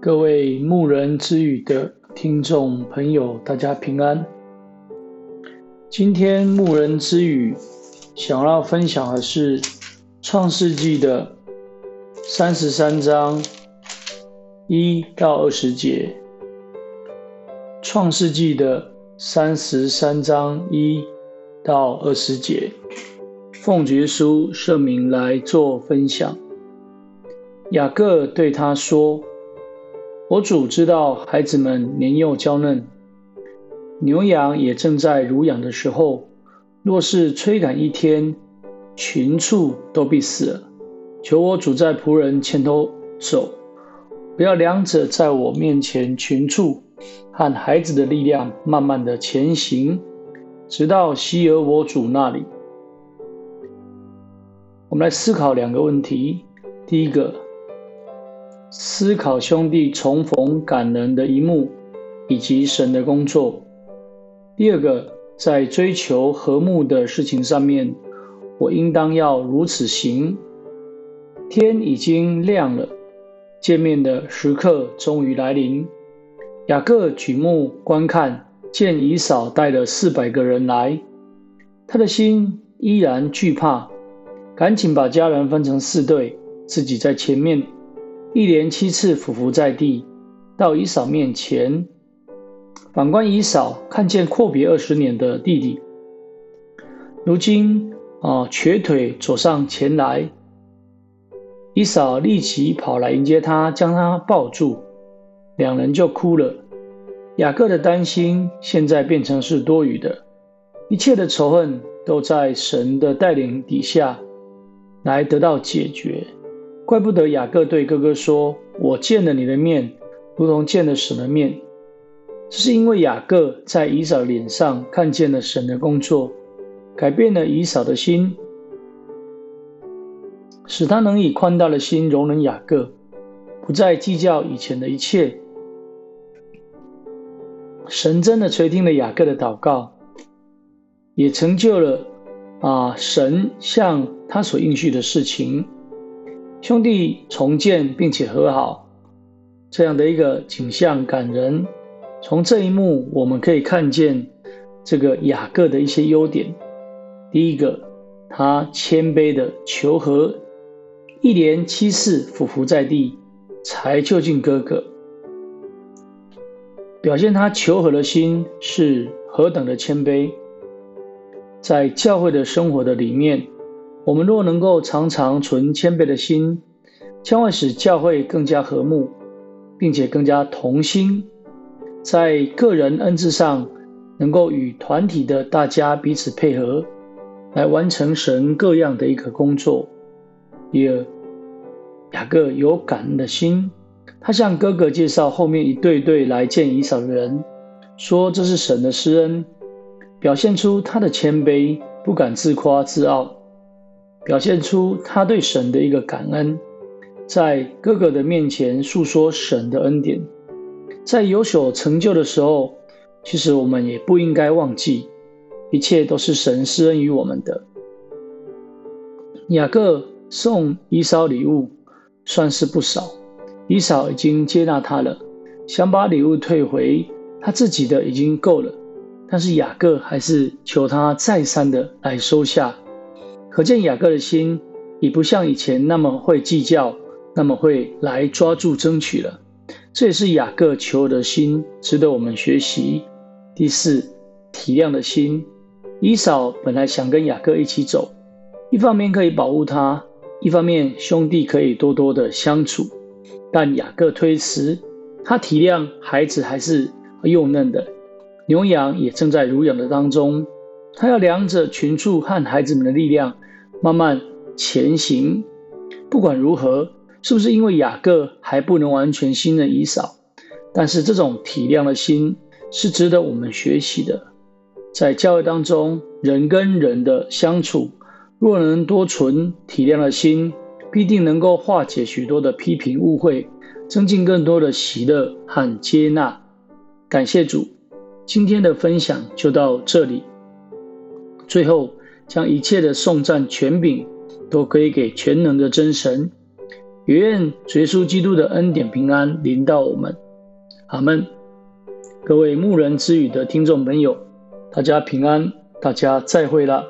各位牧人之語的聽眾朋友，大家平安。今天牧人之語想要分享的是創世紀的三十三章一到二十節，創世紀的三十三章一到二十節，奉耶穌聖名來做分享。雅各對他說：“我主知道孩子們年幼嬌嫩，牛羊也正在乳養的時候，若是催趕一天，群畜都必死了。求我主在僕人前頭走，不要兩者在我面前群畜和孩子的力量慢慢地前行，直到西珥我主那裡。”我們來思考兩個問題，第一個。思考兄弟重逢感人的一幕，以及神的工作。第二個，在追求和睦的事情上面，我應當要如此行。天已經亮了，見面的時刻終於來臨。雅各舉目觀看，見以掃帶了四百個人來，他的心依然懼怕，趕緊把家人分成四隊，自己在前面。一連七次匍匐在地，到以掃面前。反觀以掃，看見闊別二十年的弟弟，如今哦瘸腿走上前來。以掃立即跑來迎接他，將他抱住，兩人就哭了。雅各的擔心現在變成是多餘的，一切的仇恨都在神的帶領底下，來得到解決。怪不得雅各對哥哥說：“我見了你的面，如同見了神的面。”這是因為雅各在以掃臉上看見了神的工作，改變了以掃的心，使他能以寬大的心容忍雅各，不再計較以前的一切。神真的垂聽了雅各的禱告，也成就了啊神向他所應許的事情。兄弟重見並且和好，這樣的一個景象感人。從這一幕，我們可以看見這個雅各的一些優點。第一個，他謙卑的求和，一連七次俯伏在地，才就近哥哥，表現他求和的心是何等的謙卑。在教會的生活的裡面。我們若能夠常常存謙卑的心，將會使教會更加和睦，並且更加同心，在個人恩賜上能夠與團體的大家彼此配合，來完成神各樣的一個工作。第二，雅各有感恩的心，他向哥哥介紹後面一對對來見以掃的人，說這是神的施恩，表現出他的謙卑，不敢自誇自傲。表現出他對神的一個感恩，在哥哥的面前訴說神的恩典，在有所成就的時候，其實我們也不應該忘記，一切都是神施恩於我們的。雅各送以掃禮物，算是不少，以掃已經接納他了，想把禮物退回，他自己的已經夠了，但是雅各還是求他再三的來收下。可見雅各的心已不像以前那麼會計較，那麼會來抓住爭取了。這也是雅各求的心，值得我們學習。第四，體諒的心。以掃本來想跟雅各一起走，一方面可以保護他，一方面兄弟可以多多的相處。但雅各推辭，他體諒孩子還是幼嫩的，牛羊也正在乳養的當中，他要量著群畜和孩子們的力量，慢慢前行，不管如何，是不是因為雅各還不能完全信任以掃，但是這種體諒的心是值得我們學習的。在教育當中，人跟人的相處，若能多存體諒的心，必定能夠化解許多的批評誤會，增進更多的喜樂和接納。感謝主，今天的分享就到這裡。最後，將一切的頌讚權柄，都歸給全能的真神，也願耶穌基督的恩典平安臨到我們。阿門。各位牧人之語的聽眾朋友，大家平安，大家再會了。